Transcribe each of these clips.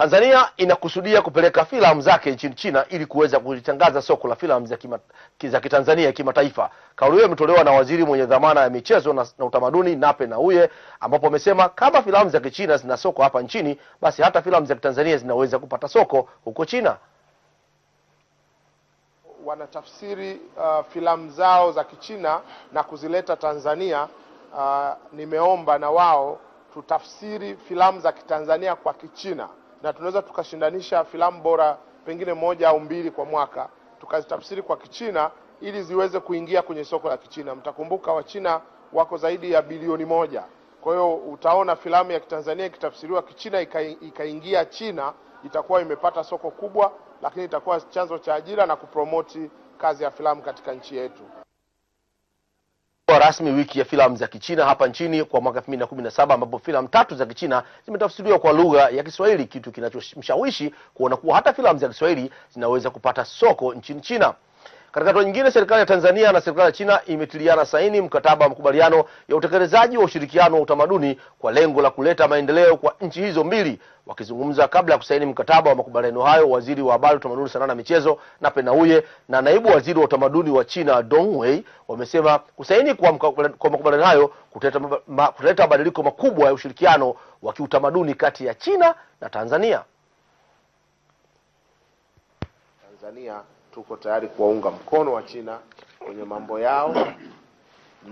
Tanzania inakusudia kupeleka filamu zake nchini China ili kuweza kulitangaza soko la filamu za kima, Kitanzania kimataifa. Kauli hiyo imetolewa na waziri mwenye dhamana ya michezo na, na utamaduni Nape Nnauye, ambapo amesema kama filamu za Kichina zina soko hapa nchini, basi hata filamu za Kitanzania zinaweza kupata soko huko China. Wanatafsiri uh, filamu zao za Kichina na kuzileta Tanzania. Uh, nimeomba na wao tutafsiri filamu za Kitanzania kwa Kichina na tunaweza tukashindanisha filamu bora pengine moja au mbili kwa mwaka tukazitafsiri kwa Kichina ili ziweze kuingia kwenye soko la Kichina. Mtakumbuka Wachina wako zaidi ya bilioni moja. Kwa hiyo utaona filamu ya Kitanzania ikitafsiriwa Kichina ikaingia China itakuwa imepata soko kubwa, lakini itakuwa chanzo cha ajira na kupromoti kazi ya filamu katika nchi yetu rasmi wiki ya filamu za Kichina hapa nchini kwa mwaka 2017 ambapo filamu tatu za Kichina zimetafsiriwa kwa lugha ya Kiswahili, kitu kinachomshawishi kuona kuwa hata filamu za Kiswahili zinaweza kupata soko nchini China. Katika hatua nyingine, serikali ya Tanzania na serikali ya China imetiliana saini mkataba wa makubaliano ya utekelezaji wa ushirikiano wa utamaduni kwa lengo la kuleta maendeleo kwa nchi hizo mbili. Wakizungumza kabla ya kusaini mkataba wa makubaliano hayo, waziri wa habari, utamaduni, sanaa na michezo na Penauye na naibu waziri wa utamaduni wa China Dong Wei wamesema kusaini kwa makubaliano hayo kutaleta mabadiliko makubwa ya ushirikiano wa kiutamaduni kati ya China na Tanzania. Tanzania tuko tayari kuwaunga mkono wa China kwenye mambo yao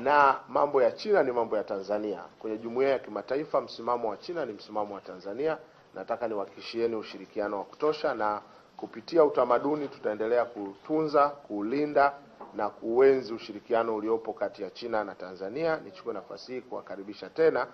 na mambo ya China ni mambo ya Tanzania. Kwenye jumuiya ya kimataifa, msimamo wa China ni msimamo wa Tanzania. Nataka niwahakikishieni ushirikiano wa kutosha, na kupitia utamaduni tutaendelea kutunza, kuulinda na kuenzi ushirikiano uliopo kati ya China na Tanzania. Nichukue nafasi hii kuwakaribisha tena